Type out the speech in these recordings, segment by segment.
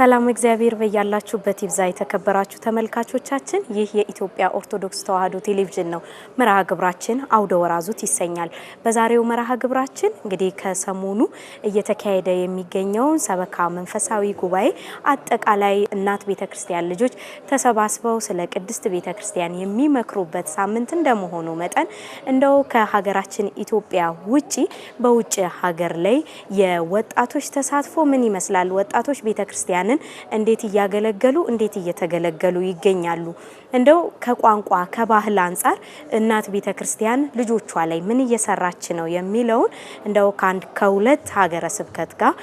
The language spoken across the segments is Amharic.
ሰላም እግዚአብሔር በያላችሁበት ይብዛ። የተከበራችሁ ተመልካቾቻችን ይህ የኢትዮጵያ ኦርቶዶክስ ተዋሕዶ ቴሌቪዥን ነው። መርሃ ግብራችን አውደ ወራዙት ይሰኛል። በዛሬው መርሃ ግብራችን እንግዲህ ከሰሞኑ እየተካሄደ የሚገኘውን ሰበካ መንፈሳዊ ጉባኤ አጠቃላይ እናት ቤተ ክርስቲያን ልጆች ተሰባስበው ስለ ቅድስት ቤተ ክርስቲያን የሚመክሩበት ሳምንት እንደመሆኑ መጠን እንደው ከሀገራችን ኢትዮጵያ ውጪ በውጭ ሀገር ላይ የወጣቶች ተሳትፎ ምን ይመስላል፣ ወጣቶች ቤተ ክርስቲያን ቅዱሳንን እንዴት እያገለገሉ እንዴት እየተገለገሉ ይገኛሉ። እንደው ከቋንቋ ከባህል አንጻር እናት ቤተክርስቲያን ልጆቿ ላይ ምን እየሰራች ነው የሚለውን እንደው ከአንድ ከሁለት ሀገረ ስብከት ጋር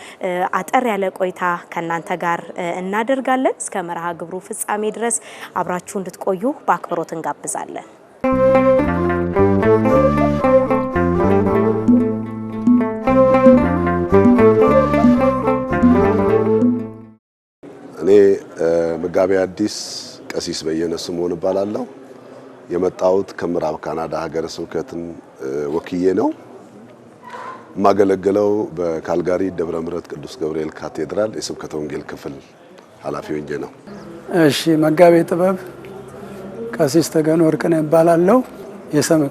አጠር ያለ ቆይታ ከእናንተ ጋር እናደርጋለን። እስከ መርሃ ግብሩ ፍጻሜ ድረስ አብራችሁ እንድትቆዩ በአክብሮት እንጋብዛለን። እኔ መጋቤ ሐዲስ ቀሲስ በየነ ስምኦን እባላለሁ። የመጣሁት ከምዕራብ ካናዳ ሀገረ ስብከትን ወክዬ ነው። የማገለግለው በካልጋሪ ደብረ ምሕረት ቅዱስ ገብርኤል ካቴድራል የስብከተ ወንጌል ክፍል ኃላፊ ወንጌ ነው። እሺ፣ መጋቤ ጥበብ ቀሲስ ተገን ወርቅነህ እባላለሁ።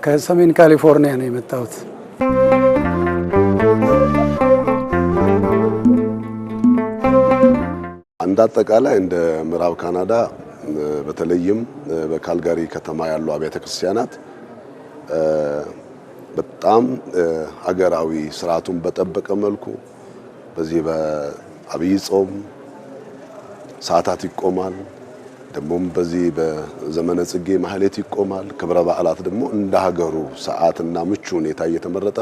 ከሰሜን ካሊፎርኒያ ነው የመጣሁት። እንዳጠቃላይ አጠቃላይ እንደ ምዕራብ ካናዳ በተለይም በካልጋሪ ከተማ ያሉ አብያተ ክርስቲያናት በጣም ሀገራዊ ስርዓቱን በጠበቀ መልኩ በዚህ በአብይ ጾም ሰዓታት ይቆማል። ደግሞም በዚህ በዘመነ ጽጌ ማህሌት ይቆማል። ክብረ በዓላት ደግሞ እንደ ሀገሩ ሰዓትና ምቹ ሁኔታ እየተመረጠ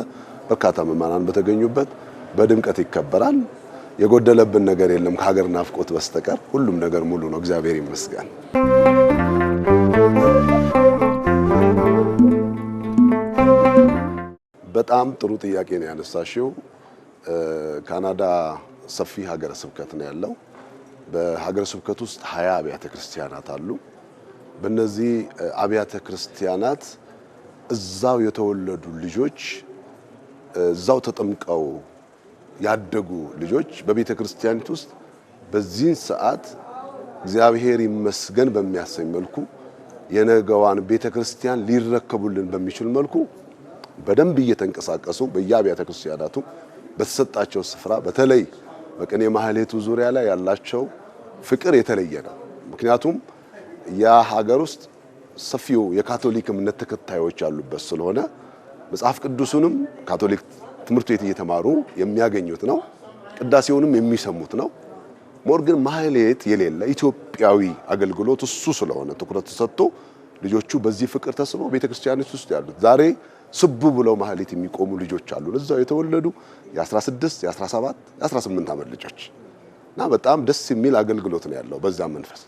በርካታ ምዕመናን በተገኙበት በድምቀት ይከበራል። የጎደለብን ነገር የለም ከሀገር ናፍቆት በስተቀር ሁሉም ነገር ሙሉ ነው። እግዚአብሔር ይመስገን። በጣም ጥሩ ጥያቄ ነው ያነሳሽው። ካናዳ ሰፊ ሀገረ ስብከት ነው ያለው። በሀገረ ስብከት ውስጥ ሀያ አብያተ ክርስቲያናት አሉ። በእነዚህ አብያተ ክርስቲያናት እዛው የተወለዱ ልጆች እዛው ተጠምቀው ያደጉ ልጆች በቤተ ክርስቲያኒት ውስጥ በዚህን ሰዓት እግዚአብሔር ይመስገን በሚያሰኝ መልኩ የነገዋን ቤተ ክርስቲያን ሊረከቡልን በሚችል መልኩ በደንብ እየተንቀሳቀሱ በየአብያተ ክርስቲያናቱ በተሰጣቸው ስፍራ በተለይ በቅኔ ማህሌቱ ዙሪያ ላይ ያላቸው ፍቅር የተለየ ነው። ምክንያቱም ያ ሀገር ውስጥ ሰፊው የካቶሊክ እምነት ተከታዮች ያሉበት ስለሆነ መጽሐፍ ቅዱሱንም ካቶሊክ ትምህርት ቤት እየተማሩ የሚያገኙት ነው። ቅዳሴውንም የሚሰሙት ነው። ሞር ግን ማህሌት የሌለ ኢትዮጵያዊ አገልግሎት እሱ ስለሆነ ትኩረት ተሰጥቶ ልጆቹ በዚህ ፍቅር ተስበው ቤተክርስቲያን ውስጥ ያሉት ዛሬ ስቡ ብለው ማህሌት የሚቆሙ ልጆች አሉ። እዛው የተወለዱ የ16 የ17 የ18 ዓመት ልጆች እና በጣም ደስ የሚል አገልግሎት ነው ያለው። በዛ መንፈስ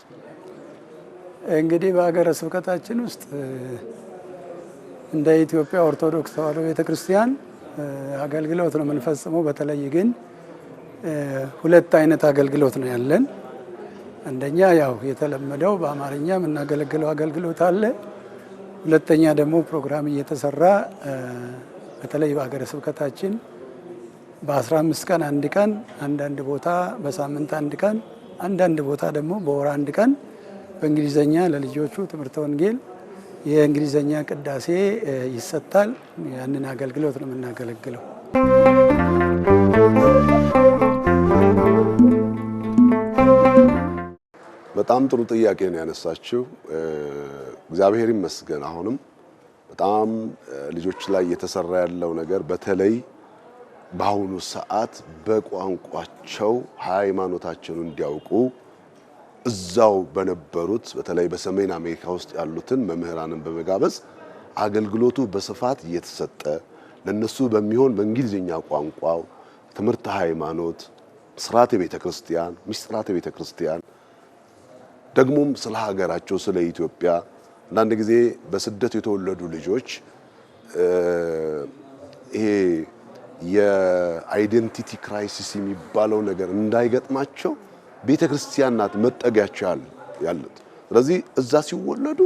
እንግዲህ በሀገረ ስብከታችን ውስጥ እንደ ኢትዮጵያ ኦርቶዶክስ ተዋሕዶ ቤተክርስቲያን አገልግሎት ነው የምንፈጽመው። በተለይ ግን ሁለት አይነት አገልግሎት ነው ያለን። አንደኛ ያው የተለመደው በአማርኛ የምናገለግለው አገልግሎት አለ። ሁለተኛ ደግሞ ፕሮግራም እየተሰራ በተለይ በሀገረ ስብከታችን በ15 ቀን አንድ ቀን አንዳንድ ቦታ በሳምንት አንድ ቀን አንዳንድ ቦታ ደግሞ በወር አንድ ቀን በእንግሊዘኛ ለልጆቹ ትምህርተ ወንጌል የእንግሊዘኛ ቅዳሴ ይሰጣል። ያንን አገልግሎት ነው የምናገለግለው። በጣም ጥሩ ጥያቄ ነው ያነሳችው። እግዚአብሔር ይመስገን አሁንም በጣም ልጆች ላይ እየተሰራ ያለው ነገር በተለይ በአሁኑ ሰዓት በቋንቋቸው ሃይማኖታቸውን እንዲያውቁ እዛው በነበሩት በተለይ በሰሜን አሜሪካ ውስጥ ያሉትን መምህራንን በመጋበዝ አገልግሎቱ በስፋት እየተሰጠ ለነሱ በሚሆን በእንግሊዝኛ ቋንቋው ትምህርተ ሃይማኖት፣ ስርዓተ ቤተ ክርስቲያን፣ ምስጢራተ ቤተ ክርስቲያን ደግሞም ስለ ሀገራቸው ስለ ኢትዮጵያ አንዳንድ ጊዜ በስደት የተወለዱ ልጆች ይሄ የአይዴንቲቲ ክራይሲስ የሚባለው ነገር እንዳይገጥማቸው ቤተ ክርስቲያን ናት መጠጊያቸው ያሉት። ስለዚህ እዛ ሲወለዱ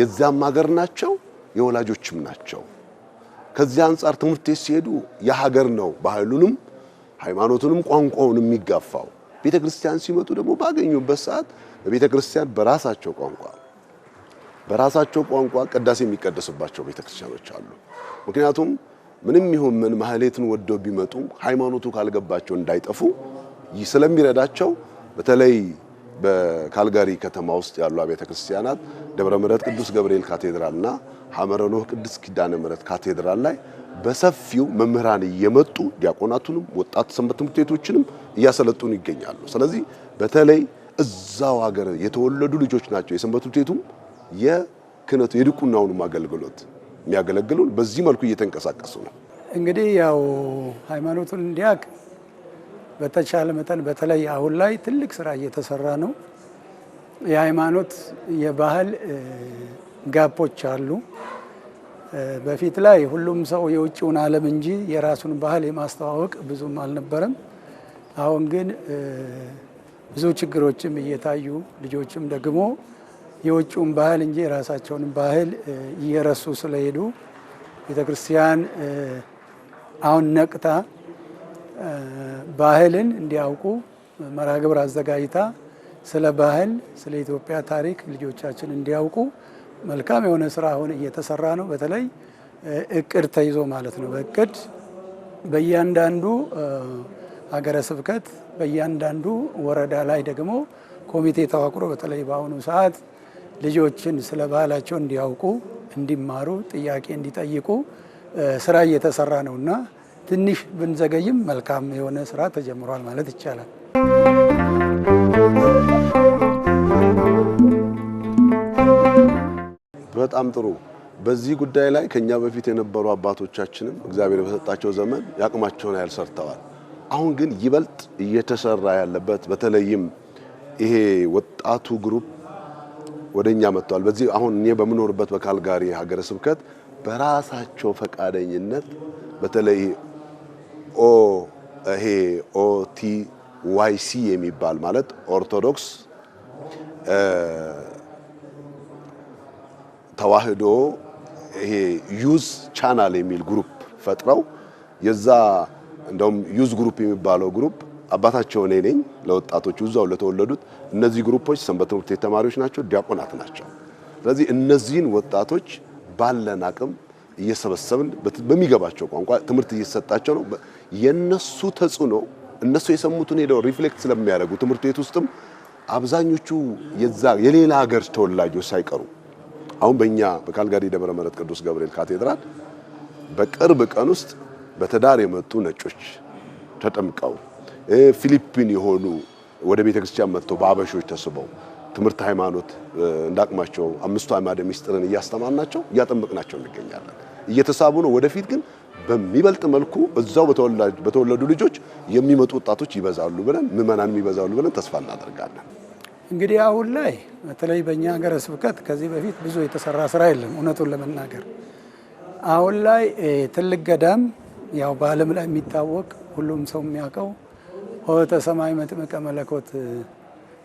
የዚያም ሀገር ናቸው የወላጆችም ናቸው። ከዚያ አንጻር ትምህርት ቤት ሲሄዱ የሀገር ነው ባህሉንም ሃይማኖቱንም ቋንቋውን የሚጋፋው። ቤተ ክርስቲያን ሲመጡ ደግሞ ባገኙበት ሰዓት በቤተ ክርስቲያን በራሳቸው ቋንቋ በራሳቸው ቋንቋ ቅዳሴ የሚቀደስባቸው ቤተ ክርስቲያኖች አሉ። ምክንያቱም ምንም ይሁን ምን ማህሌትን ወደው ቢመጡ ሃይማኖቱ ካልገባቸው እንዳይጠፉ ስለሚረዳቸው በተለይ በካልጋሪ ከተማ ውስጥ ያሉ አብያተ ክርስቲያናት ደብረ ምሕረት ቅዱስ ገብርኤል ካቴድራልና ሐመረ ኖህ ቅዱስ ኪዳነ ምሕረት ካቴድራል ላይ በሰፊው መምህራን እየመጡ ዲያቆናቱንም ወጣት ሰንበት ትምህርት ቤቶችንም እያሰለጡን ይገኛሉ። ስለዚህ በተለይ እዛው ሀገር የተወለዱ ልጆች ናቸው የሰንበት ትምህርት ቤቱም የክህነቱ የድቁናውንም አገልግሎት የሚያገለግሉን በዚህ መልኩ እየተንቀሳቀሱ ነው። እንግዲህ ያው ሃይማኖቱን እንዲያውቅ በተቻለ መጠን በተለይ አሁን ላይ ትልቅ ስራ እየተሰራ ነው። የሃይማኖት የባህል ጋፖች አሉ። በፊት ላይ ሁሉም ሰው የውጭውን ዓለም እንጂ የራሱን ባህል የማስተዋወቅ ብዙም አልነበረም። አሁን ግን ብዙ ችግሮችም እየታዩ ልጆችም ደግሞ የውጭውን ባህል እንጂ የራሳቸውን ባህል እየረሱ ስለሄዱ ቤተክርስቲያን አሁን ነቅታ ባህልን እንዲያውቁ መርሃ ግብር አዘጋጅታ ስለ ባህል ስለ ኢትዮጵያ ታሪክ ልጆቻችን እንዲያውቁ መልካም የሆነ ስራ አሁን እየተሰራ ነው። በተለይ እቅድ ተይዞ ማለት ነው። በእቅድ በእያንዳንዱ ሀገረ ስብከት በእያንዳንዱ ወረዳ ላይ ደግሞ ኮሚቴ ተዋቅሮ በተለይ በአሁኑ ሰዓት ልጆችን ስለ ባህላቸው እንዲያውቁ፣ እንዲማሩ፣ ጥያቄ እንዲጠይቁ ስራ እየተሰራ ነውና ትንሽ ብንዘገይም መልካም የሆነ ስራ ተጀምሯል ማለት ይቻላል። በጣም ጥሩ። በዚህ ጉዳይ ላይ ከኛ በፊት የነበሩ አባቶቻችንም እግዚአብሔር በሰጣቸው ዘመን የአቅማቸውን ያህል ሰርተዋል። አሁን ግን ይበልጥ እየተሰራ ያለበት በተለይም ይሄ ወጣቱ ግሩፕ እኛ መጥተዋል። በዚህ አሁን እኔ በምኖርበት በካልጋሪ ሀገረ ስብከት በራሳቸው ፈቃደኝነት በተለይ ኦ ይሄ ኦቲ ዋይሲ የሚባል ማለት ኦርቶዶክስ ተዋህዶ ይሄ ዩዝ ቻናል የሚል ግሩፕ ፈጥረው የዛ እንደውም ዩዝ ግሩፕ የሚባለው ግሩፕ አባታቸው እኔ ነኝ። ለወጣቶቹ እዛው ለተወለዱት እነዚህ ግሩፖች ሰንበት ትምህርት ቤት ተማሪዎች ናቸው፣ ዲያቆናት ናቸው። ስለዚህ እነዚህን ወጣቶች ባለን አቅም እየሰበሰብን በሚገባቸው ቋንቋ ትምህርት እየሰጣቸው ነው። የነሱ ተጽዕኖ እነሱ የሰሙትን ሄደው ሪፍሌክት ስለሚያደርጉ ትምህርት ቤት ውስጥም አብዛኞቹ የዛ የሌላ ሀገር ተወላጆች ሳይቀሩ አሁን በእኛ በካልጋሪ ደብረ ምሕረት ቅዱስ ገብርኤል ካቴድራል በቅርብ ቀን ውስጥ በተዳር የመጡ ነጮች ተጠምቀው ፊሊፒን የሆኑ ወደ ቤተ ክርስቲያን መጥተው በአበሾች ተስበው ትምህርት ሃይማኖት እንዳቅማቸው አምስቱ አዕማደ ምስጢርን እያስተማርናቸው እያጠመቅናቸው እንገኛለን። እየተሳቡ ነው። ወደፊት ግን በሚበልጥ መልኩ እዛው በተወለዱ ልጆች የሚመጡ ወጣቶች ይበዛሉ ብለን ምመናን ይበዛሉ ብለን ተስፋ እናደርጋለን። እንግዲህ አሁን ላይ በተለይ በእኛ ሀገረ ስብከት ከዚህ በፊት ብዙ የተሰራ ስራ የለም። እውነቱን ለመናገር አሁን ላይ ትልቅ ገዳም ያው በዓለም ላይ የሚታወቅ ሁሉም ሰው የሚያውቀው ኆኅተ ሰማይ መጥምቀ መለኮት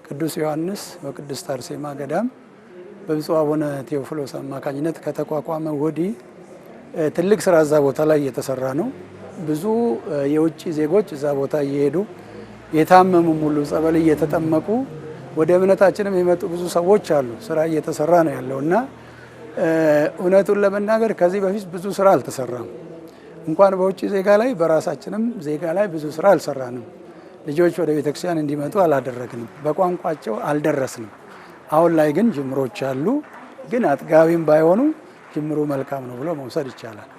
ቅዱስ ዮሐንስ በቅድስት አርሴማ ገዳም በብፁዕ አቡነ ቴዎፍሎስ አማካኝነት ከተቋቋመ ወዲህ ትልቅ ስራ እዛ ቦታ ላይ እየተሰራ ነው። ብዙ የውጭ ዜጎች እዛ ቦታ እየሄዱ የታመሙ ሙሉ ጸበል እየተጠመቁ ወደ እምነታችንም የመጡ ብዙ ሰዎች አሉ። ስራ እየተሰራ ነው ያለው እና እውነቱን ለመናገር ከዚህ በፊት ብዙ ስራ አልተሰራም። እንኳን በውጭ ዜጋ ላይ በራሳችንም ዜጋ ላይ ብዙ ስራ አልሰራንም። ልጆች ወደ ቤተክርስቲያን እንዲመጡ አላደረግንም። በቋንቋቸው አልደረስንም። አሁን ላይ ግን ጅምሮች አሉ። ግን አጥጋቢም ባይሆኑ ጅምሩ መልካም ነው ብሎ መውሰድ ይቻላል።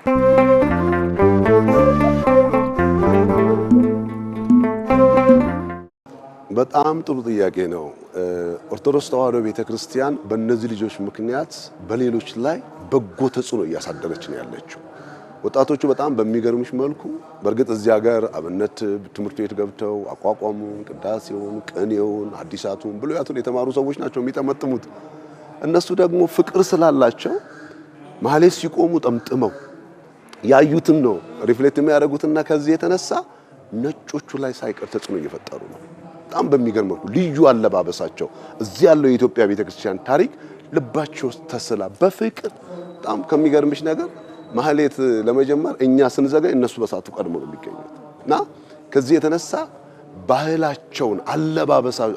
በጣም ጥሩ ጥያቄ ነው። ኦርቶዶክስ ተዋህዶ ቤተ ክርስቲያን በእነዚህ ልጆች ምክንያት በሌሎች ላይ በጎ ተጽዕኖ እያሳደረች ነው ያለችው። ወጣቶቹ በጣም በሚገርምሽ መልኩ በእርግጥ እዚህ ሀገር አብነት ትምህርት ቤት ገብተው አቋቋሙን፣ ቅዳሴውን፣ ቅኔውን፣ አዲሳቱን ብሉያቱን የተማሩ ሰዎች ናቸው የሚጠመጥሙት። እነሱ ደግሞ ፍቅር ስላላቸው መሀል ሲቆሙ ጠምጥመው ያዩትን ነው ሪፍሌክት የሚያደርጉትና ከዚህ የተነሳ ነጮቹ ላይ ሳይቀር ተጽዕኖ እየፈጠሩ ነው። በጣም በሚገርም መልኩ ልዩ አለባበሳቸው እዚህ ያለው የኢትዮጵያ ቤተክርስቲያን ታሪክ ልባቸው ተስላ በፍቅር በጣም ከሚገርምሽ ነገር ማህሌት ለመጀመር እኛ ስንዘገይ እነሱ በሰዓቱ ቀድሞ ነው የሚገኙት እና ከዚህ የተነሳ ባህላቸውን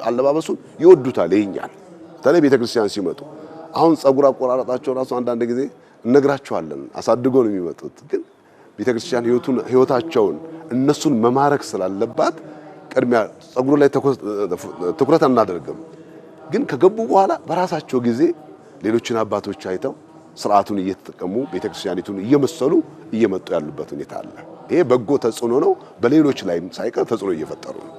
አለባበሱን ይወዱታል። ይኛል በተለይ ቤተክርስቲያን ሲመጡ አሁን ጸጉር አቆራረጣቸው ራሱ አንዳንድ ጊዜ እነግራቸዋለን። አሳድጎ ነው የሚመጡት። ግን ቤተክርስቲያን ህይወታቸውን እነሱን መማረክ ስላለባት ቅድሚያ ጸጉሩ ላይ ትኩረት አናደርግም። ግን ከገቡ በኋላ በራሳቸው ጊዜ ሌሎችን አባቶች አይተው ስርዓቱን እየተጠቀሙ ቤተክርስቲያኒቱን እየመሰሉ እየመጡ ያሉበት ሁኔታ አለ። ይሄ በጎ ተጽዕኖ ነው። በሌሎች ላይም ሳይቀር ተጽዕኖ እየፈጠሩ ነው።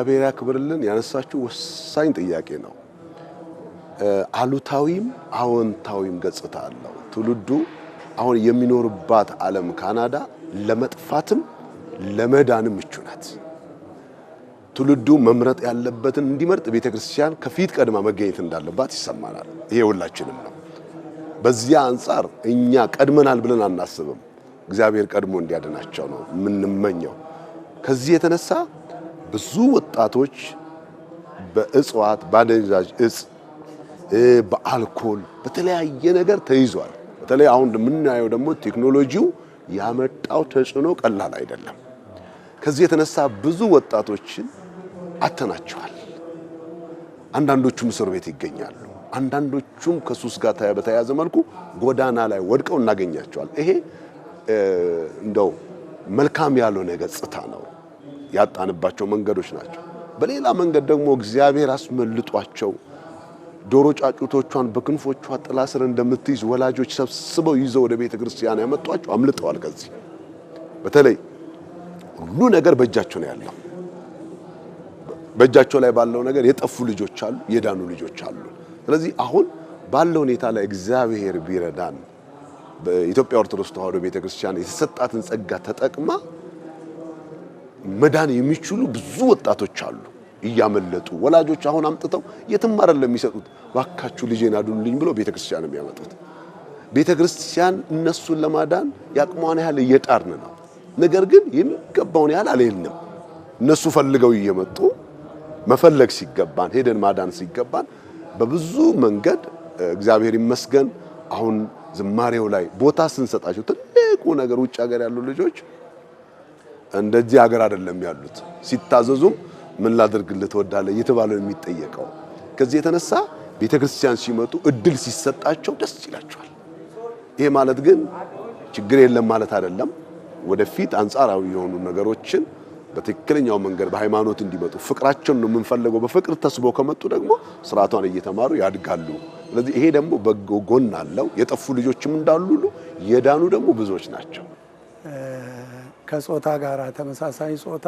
እግዚአብሔር ያክብርልን ያነሳችሁ ወሳኝ ጥያቄ ነው። አሉታዊም አዎንታዊም ገጽታ አለው። ትውልዱ አሁን የሚኖርባት ዓለም ካናዳ ለመጥፋትም ለመዳንም ምቹ ናት። ትውልዱ መምረጥ ያለበትን እንዲመርጥ ቤተ ክርስቲያን ከፊት ቀድማ መገኘት እንዳለባት ይሰማናል። ይሄ ሁላችንም ነው። በዚያ አንጻር እኛ ቀድመናል ብለን አናስብም። እግዚአብሔር ቀድሞ እንዲያድናቸው ነው የምንመኘው። ከዚህ የተነሳ ብዙ ወጣቶች በእጽዋት በአደንዛዥ እጽ፣ በአልኮል፣ በተለያየ ነገር ተይዟል። በተለይ አሁን የምናየው ደግሞ ቴክኖሎጂው ያመጣው ተጽዕኖ ቀላል አይደለም። ከዚህ የተነሳ ብዙ ወጣቶችን አተናቸዋል። አንዳንዶቹም እስር ቤት ይገኛሉ። አንዳንዶቹም ከሱስ ጋር በተያያዘ መልኩ ጎዳና ላይ ወድቀው እናገኛቸዋል። ይሄ እንደው መልካም ያልሆነ ገጽታ ነው። ያጣንባቸው መንገዶች ናቸው። በሌላ መንገድ ደግሞ እግዚአብሔር አስመልጧቸው ዶሮ ጫጩቶቿን በክንፎቿ ጥላ ስር እንደምትይዝ ወላጆች ሰብስበው ይዘው ወደ ቤተ ክርስቲያን ያመጧቸው አምልጠዋል። ከዚህ በተለይ ሁሉ ነገር በእጃቸው ነው ያለው። በእጃቸው ላይ ባለው ነገር የጠፉ ልጆች አሉ፣ የዳኑ ልጆች አሉ። ስለዚህ አሁን ባለው ሁኔታ ላይ እግዚአብሔር ቢረዳን በኢትዮጵያ ኦርቶዶክስ ተዋሕዶ ቤተክርስቲያን የተሰጣትን ጸጋ ተጠቅማ መዳን የሚችሉ ብዙ ወጣቶች አሉ እያመለጡ ወላጆች አሁን አምጥተው የትም አይደለም የሚሰጡት። ባካችሁ ልጄን አድኑልኝ ብሎ ቤተክርስቲያን የሚያመጡት ቤተክርስቲያን እነሱን ለማዳን የአቅሟን ያህል እየጣርን ነው። ነገር ግን የሚገባውን ያህል አልሄድንም። እነሱ ፈልገው እየመጡ መፈለግ ሲገባን ሄደን ማዳን ሲገባን በብዙ መንገድ እግዚአብሔር ይመስገን አሁን ዝማሬው ላይ ቦታ ስንሰጣቸው ትልቁ ነገር ውጭ ሀገር ያሉ ልጆች እንደዚህ ሀገር አይደለም ያሉት። ሲታዘዙም ምን ላድርግልህ ትወዳለህ እየተባለ ነው የሚጠየቀው። ከዚህ የተነሳ ቤተ ክርስቲያን ሲመጡ እድል ሲሰጣቸው ደስ ይላቸዋል። ይሄ ማለት ግን ችግር የለም ማለት አይደለም። ወደፊት አንጻራዊ የሆኑ ነገሮችን በትክክለኛው መንገድ በሃይማኖት እንዲመጡ ፍቅራቸውን ነው የምንፈልገው። በፍቅር ተስበው ከመጡ ደግሞ ስርዓቷን እየተማሩ ያድጋሉ። ስለዚህ ይሄ ደግሞ በጎ ጎን አለው። የጠፉ ልጆችም እንዳሉ ሁሉ የዳኑ ደግሞ ብዙዎች ናቸው። ከጾታ ጋር ተመሳሳይ ጾታ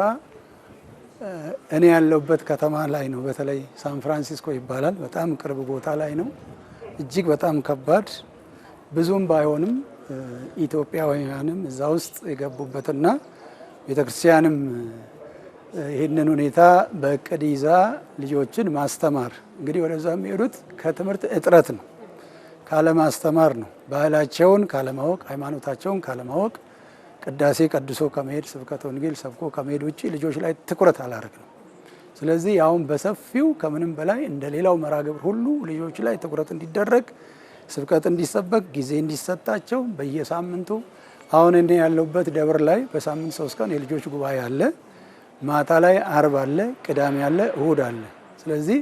እኔ ያለሁበት ከተማ ላይ ነው። በተለይ ሳን ፍራንሲስኮ ይባላል። በጣም ቅርብ ቦታ ላይ ነው። እጅግ በጣም ከባድ ብዙም ባይሆንም ኢትዮጵያውያንም እዛ ውስጥ የገቡበትና ቤተክርስቲያንም ይህንን ሁኔታ በእቅድ ይዛ ልጆችን ማስተማር እንግዲህ ወደዛ የሚሄዱት ከትምህርት እጥረት ነው፣ ካለማስተማር ነው። ባህላቸውን ካለማወቅ፣ ሃይማኖታቸውን ካለማወቅ ቅዳሴ ቀድሶ ከመሄድ ስብከተ ወንጌል ሰብኮ ከመሄድ ውጭ ልጆች ላይ ትኩረት አላደረግ ነው። ስለዚህ አሁን በሰፊው ከምንም በላይ እንደ ሌላው መርሃ ግብር ሁሉ ልጆች ላይ ትኩረት እንዲደረግ፣ ስብከት እንዲሰበክ፣ ጊዜ እንዲሰጣቸው በየሳምንቱ አሁን እኔ ያለሁበት ደብር ላይ በሳምንት ሶስት ቀን የልጆች ጉባኤ አለ። ማታ ላይ አርብ አለ፣ ቅዳሜ አለ፣ እሁድ አለ። ስለዚህ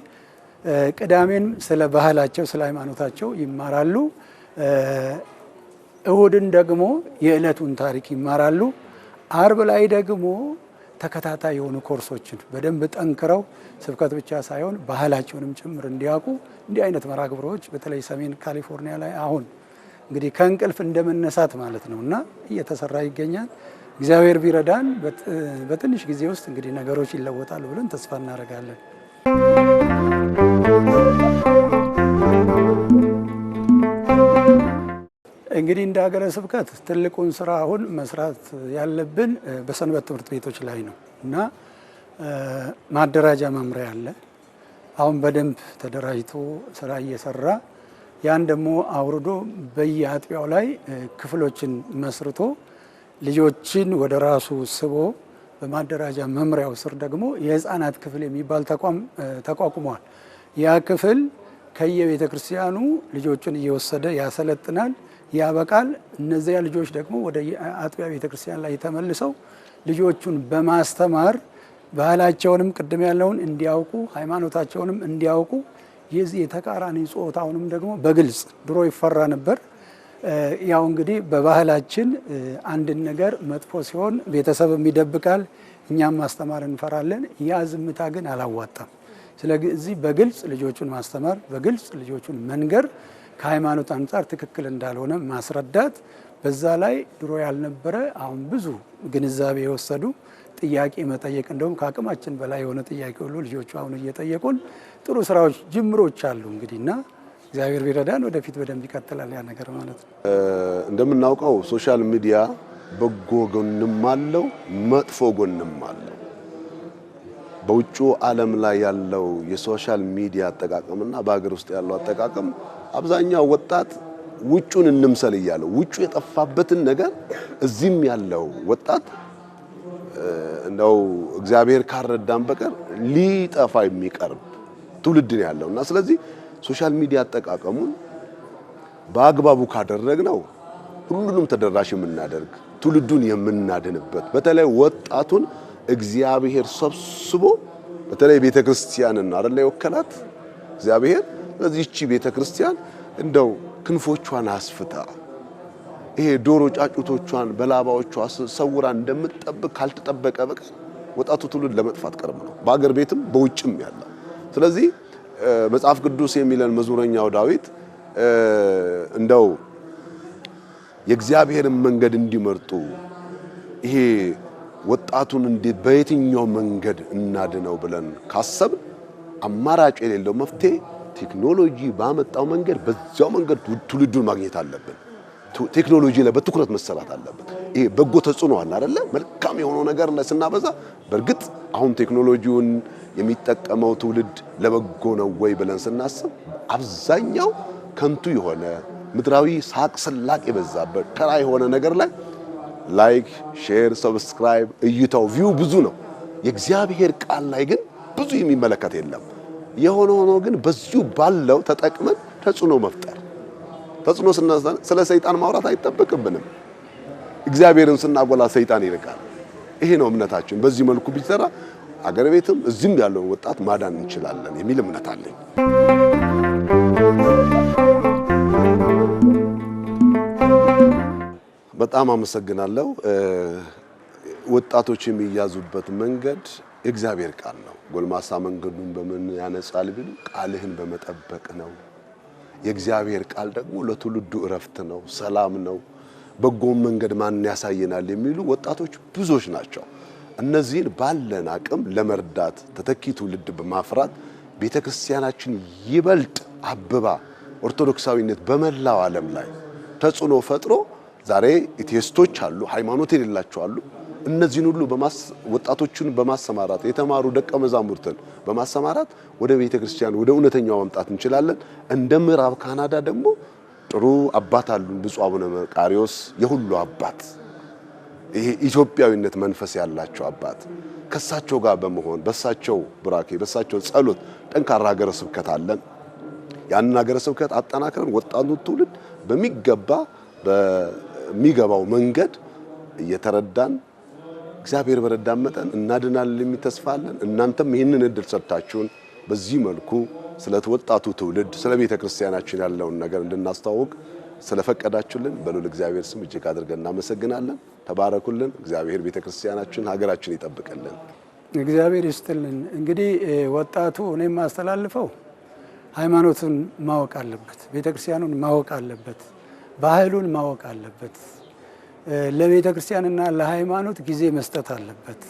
ቅዳሜን ስለ ባህላቸው ስለ ሃይማኖታቸው ይማራሉ። እሁድን ደግሞ የዕለቱን ታሪክ ይማራሉ። አርብ ላይ ደግሞ ተከታታይ የሆኑ ኮርሶችን በደንብ ጠንክረው ስብከት ብቻ ሳይሆን ባህላቸውንም ጭምር እንዲያውቁ እንዲህ አይነት መርሃ ግብሮች በተለይ ሰሜን ካሊፎርኒያ ላይ አሁን እንግዲህ ከእንቅልፍ እንደመነሳት ማለት ነው እና እየተሰራ ይገኛል። እግዚአብሔር ቢረዳን በትንሽ ጊዜ ውስጥ እንግዲህ ነገሮች ይለወጣሉ ብለን ተስፋ እናደርጋለን። እንግዲህ እንደ ሀገረ ስብከት ትልቁን ስራ አሁን መስራት ያለብን በሰንበት ትምህርት ቤቶች ላይ ነው እና ማደራጃ መምሪያ አለ። አሁን በደንብ ተደራጅቶ ስራ እየሰራ ያን ደግሞ አውርዶ በየአጥቢያው ላይ ክፍሎችን መስርቶ ልጆችን ወደ ራሱ ስቦ በማደራጃ መምሪያው ስር ደግሞ የህፃናት ክፍል የሚባል ተቋም ተቋቁሟል። ያ ክፍል ከየቤተ ክርስቲያኑ ልጆችን እየወሰደ ያሰለጥናል። ያበቃል። እነዚያ ልጆች ደግሞ ወደ አጥቢያ ቤተክርስቲያን ላይ ተመልሰው ልጆቹን በማስተማር ባህላቸውንም ቅድም ያለውን እንዲያውቁ ሃይማኖታቸውንም እንዲያውቁ የዚህ የተቃራኒ ጾታውንም ደግሞ በግልጽ ድሮ ይፈራ ነበር። ያው እንግዲህ በባህላችን አንድን ነገር መጥፎ ሲሆን ቤተሰብም ይደብቃል፣ እኛም ማስተማር እንፈራለን። ያ ዝምታ ግን አላዋጣም። ስለዚህ በግልጽ ልጆቹን ማስተማር፣ በግልጽ ልጆቹን መንገር ከሃይማኖት አንጻር ትክክል እንዳልሆነ ማስረዳት፣ በዛ ላይ ድሮ ያልነበረ አሁን ብዙ ግንዛቤ የወሰዱ ጥያቄ መጠየቅ እንደውም ከአቅማችን በላይ የሆነ ጥያቄ ሁሉ ልጆቹ አሁን እየጠየቁን ጥሩ ስራዎች ጅምሮች አሉ እንግዲህ እና እግዚአብሔር ቢረዳን ወደፊት በደንብ ይቀጥላል ያ ነገር ማለት ነው። እንደምናውቀው ሶሻል ሚዲያ በጎ ጎንም አለው መጥፎ ጎንም አለው። በውጩ ዓለም ላይ ያለው የሶሻል ሚዲያ አጠቃቀምና በሀገር ውስጥ ያለው አጠቃቀም አብዛኛው ወጣት ውጩን እንምሰል እያለው ውጩ የጠፋበትን ነገር እዚህም ያለው ወጣት እንደው እግዚአብሔር ካረዳን በቀር ሊጠፋ የሚቀርብ ትውልድ ነው ያለው እና ስለዚህ ሶሻል ሚዲያ አጠቃቀሙን በአግባቡ ካደረግነው ሁሉንም ተደራሽ የምናደርግ ትውልዱን የምናድንበት በተለይ ወጣቱን እግዚአብሔር ሰብስቦ በተለይ ቤተ ክርስቲያንን አይደለ የወከላት እግዚአብሔር። ስለዚህ እቺ ቤተ ክርስቲያን እንደው ክንፎቿን አስፍታ ይሄ ዶሮ ጫጩቶቿን በላባዎቿ ሰውራ እንደምትጠብቅ ካልተጠበቀ በቀር ወጣቱ ትውልድ ለመጥፋት ቅርብ ነው፣ በአገር ቤትም በውጭም ያለ። ስለዚህ መጽሐፍ ቅዱስ የሚለን መዝሙረኛው ዳዊት እንደው የእግዚአብሔርን መንገድ እንዲመርጡ ይሄ ወጣቱን እንዴት በየትኛው መንገድ እናድነው ብለን ካሰብ አማራጭ የሌለው መፍትሄ ቴክኖሎጂ ባመጣው መንገድ በዚያው መንገድ ትውልዱን ማግኘት አለብን። ቴክኖሎጂ ላይ በትኩረት መሰራት አለበት። ይሄ በጎ ተጽዕኖ አለ አይደለ? መልካም የሆነው ነገር ላይ ስናበዛ፣ በእርግጥ አሁን ቴክኖሎጂውን የሚጠቀመው ትውልድ ለበጎ ነው ወይ ብለን ስናስብ አብዛኛው ከንቱ የሆነ ምድራዊ ሳቅ ስላቅ የበዛበት ተራ የሆነ ነገር ላይ ላይክ፣ ሼር፣ ሰብስክራይብ እይታው ቪው ብዙ ነው። የእግዚአብሔር ቃል ላይ ግን ብዙ የሚመለከት የለም። የሆነ ሆኖ ግን በዚሁ ባለው ተጠቅመን ተጽዕኖ መፍጠር ተጽዕኖ ስናስታን ስለ ሰይጣን ማውራት አይጠበቅብንም። እግዚአብሔርን ስናጎላ ሰይጣን ይርቃል። ይሄ ነው እምነታችን። በዚህ መልኩ ቢሰራ አገር ቤትም እዚህም ያለውን ወጣት ማዳን እንችላለን የሚል እምነት አለኝ። በጣም አመሰግናለሁ። ወጣቶች የሚያዙበት መንገድ የእግዚአብሔር ቃል ነው። ጎልማሳ መንገዱን በምን ያነጻል ቢሉ ቃልህን በመጠበቅ ነው። የእግዚአብሔር ቃል ደግሞ ለትውልዱ እረፍት ነው፣ ሰላም ነው። በጎን መንገድ ማን ያሳየናል የሚሉ ወጣቶች ብዙዎች ናቸው። እነዚህን ባለን አቅም ለመርዳት ተተኪ ትውልድ በማፍራት ቤተ ክርስቲያናችን ይበልጥ አብባ ኦርቶዶክሳዊነት በመላው ዓለም ላይ ተጽዕኖ ፈጥሮ ዛሬ ኢቲስቶች አሉ፣ ሃይማኖት የሌላቸው አሉ። እነዚህን ሁሉ ወጣቶችን በማሰማራት የተማሩ ደቀ መዛሙርትን በማሰማራት ወደ ቤተ ክርስቲያን ወደ እውነተኛው ማምጣት እንችላለን። እንደ ምዕራብ ካናዳ ደግሞ ጥሩ አባት አሉ፣ ብፁዕ አቡነ መቃሪዎስ የሁሉ አባት፣ ይሄ ኢትዮጵያዊነት መንፈስ ያላቸው አባት ከእሳቸው ጋር በመሆን በእሳቸው ቡራኬ በእሳቸው ጸሎት ጠንካራ ሀገረ ስብከት አለን። ያንን ሀገረ ስብከት አጠናክረን ወጣቱ ትውልድ በሚገባ የሚገባው መንገድ እየተረዳን እግዚአብሔር በረዳን መጠን እናድናለን የሚል ተስፋ አለን። እናንተም ይህንን እድል ሰጥታችሁን በዚህ መልኩ ስለ ወጣቱ ትውልድ ስለ ቤተ ክርስቲያናችን ያለውን ነገር እንድናስተዋውቅ ስለፈቀዳችሁልን በሉል እግዚአብሔር ስም እጅግ አድርገን እናመሰግናለን። ተባረኩልን። እግዚአብሔር ቤተ ክርስቲያናችን ሀገራችን ይጠብቅልን። እግዚአብሔር ይስጥልን። እንግዲህ ወጣቱ እኔ የማስተላልፈው ሃይማኖቱን ማወቅ አለበት፣ ቤተ ክርስቲያኑን ማወቅ አለበት። ባህሉን ማወቅ አለበት። ለቤተ ክርስቲያንና ለሃይማኖት ጊዜ መስጠት አለበት።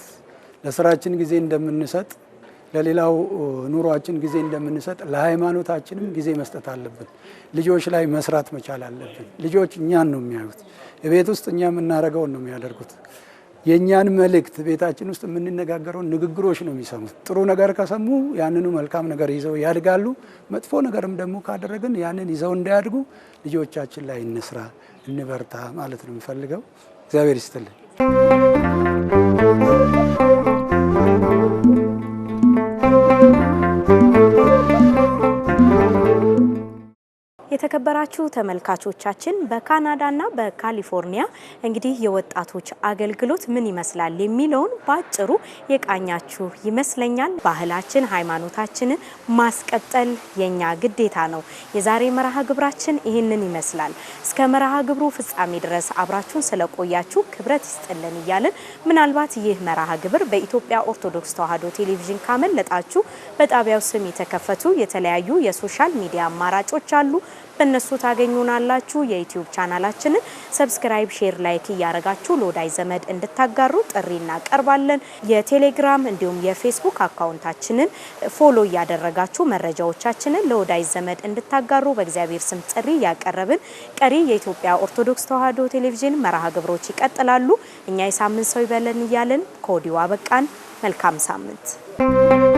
ለስራችን ጊዜ እንደምንሰጥ፣ ለሌላው ኑሯችን ጊዜ እንደምንሰጥ፣ ለሃይማኖታችንም ጊዜ መስጠት አለብን። ልጆች ላይ መስራት መቻል አለብን። ልጆች እኛን ነው የሚያዩት። ቤት ውስጥ እኛ የምናደርገውን ነው የሚያደርጉት። የእኛን መልእክት ቤታችን ውስጥ የምንነጋገረውን ንግግሮች ነው የሚሰሙት። ጥሩ ነገር ከሰሙ ያንኑ መልካም ነገር ይዘው ያድጋሉ። መጥፎ ነገርም ደግሞ ካደረግን ያንን ይዘው እንዳያድጉ ልጆቻችን ላይ እንስራ፣ እንበርታ ማለት ነው የምፈልገው። እግዚአብሔር ይስጥልን። የተከበራችሁ ተመልካቾቻችን በካናዳና በካሊፎርኒያ እንግዲህ የወጣቶች አገልግሎት ምን ይመስላል የሚለውን በአጭሩ የቃኛችሁ ይመስለኛል። ባህላችን፣ ሃይማኖታችንን ማስቀጠል የኛ ግዴታ ነው። የዛሬ መርሃ ግብራችን ይህንን ይመስላል። እስከ መርሃ ግብሩ ፍጻሜ ድረስ አብራችሁን ስለቆያችሁ ክብረት ይስጥልን እያልን ምናልባት ይህ መርሃ ግብር በኢትዮጵያ ኦርቶዶክስ ተዋሕዶ ቴሌቪዥን ካመለጣችሁ በጣቢያው ስም የተከፈቱ የተለያዩ የሶሻል ሚዲያ አማራጮች አሉ። በእነሱ ታገኙናላችሁ። የዩቲዩብ ቻናላችንን ሰብስክራይብ፣ ሼር፣ ላይክ እያደረጋችሁ ለወዳጅ ዘመድ እንድታጋሩ ጥሪ እናቀርባለን። የቴሌግራም እንዲሁም የፌስቡክ አካውንታችንን ፎሎ እያደረጋችሁ መረጃዎቻችንን ለወዳጅ ዘመድ እንድታጋሩ በእግዚአብሔር ስም ጥሪ እያቀረብን ቀሪ የኢትዮጵያ ኦርቶዶክስ ተዋሕዶ ቴሌቪዥን መርሃ ግብሮች ይቀጥላሉ። እኛ የሳምንት ሰው ይበለን እያለን ከወዲሁ አበቃን። መልካም ሳምንት